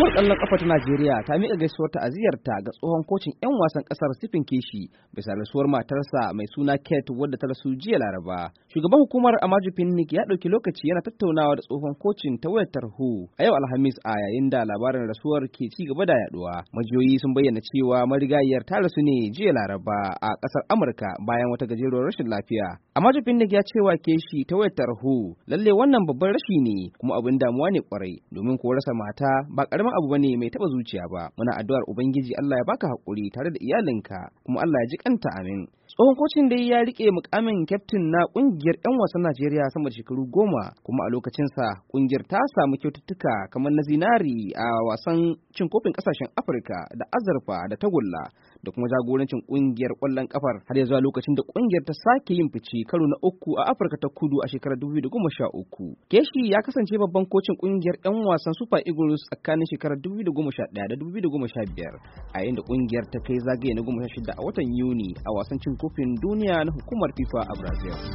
Hukumar tsallon ƙafa ta Najeriya ta miƙa gaisuwar ta'aziyarta ga tsohon kocin 'yan wasan ƙasar Stephen Keshi bisa rasuwar matarsa mai suna Kate wadda ta rasu jiya Laraba. Shugaban hukumar Amaju Pinnick ya ɗauki lokaci yana tattaunawa da tsohon kocin ta wayar tarho a yau Alhamis a yayin da labarin rasuwar ke ci gaba da yaduwa. Majiyoyi sun bayyana cewa marigayiyar ta rasu ne jiya Laraba a ƙasar Amurka bayan wata gajeruwar rashin lafiya. Amaju Pinnick ya cewa Keshi ta wayar tarho lalle wannan babban rashi ne kuma abin damuwa ne kwarai domin ko rasa mata ba ƙaramin karamin abu bane mai taba zuciya ba muna addu'ar ubangiji Allah ya baka hakuri tare da iyalinka kuma Allah ya ji kanta amin tsohon kocin dai ya rike mukamin kyaftin na kungiyar 'yan wasan najeriya sama da shekaru goma kuma a lokacinsa kungiyar ta samu kyaututtuka kamar na zinari a wasan cin kofin kasashen afirka da azurfa da tagulla da kuma jagorancin kungiyar kwallon kafar har ya zuwa lokacin da kungiyar ta sake yin fice karo na uku a afirka ta kudu a shekarar uku. keshi ya kasance babban kocin kungiyar 'yan wasan super eagles tsakanin shekarar ɗaya da biyar, a yayin da kungiyar ta kai zagaye na shida a watan yuni a wasan cin kofin kofin duniya na hukumar fifa a brazil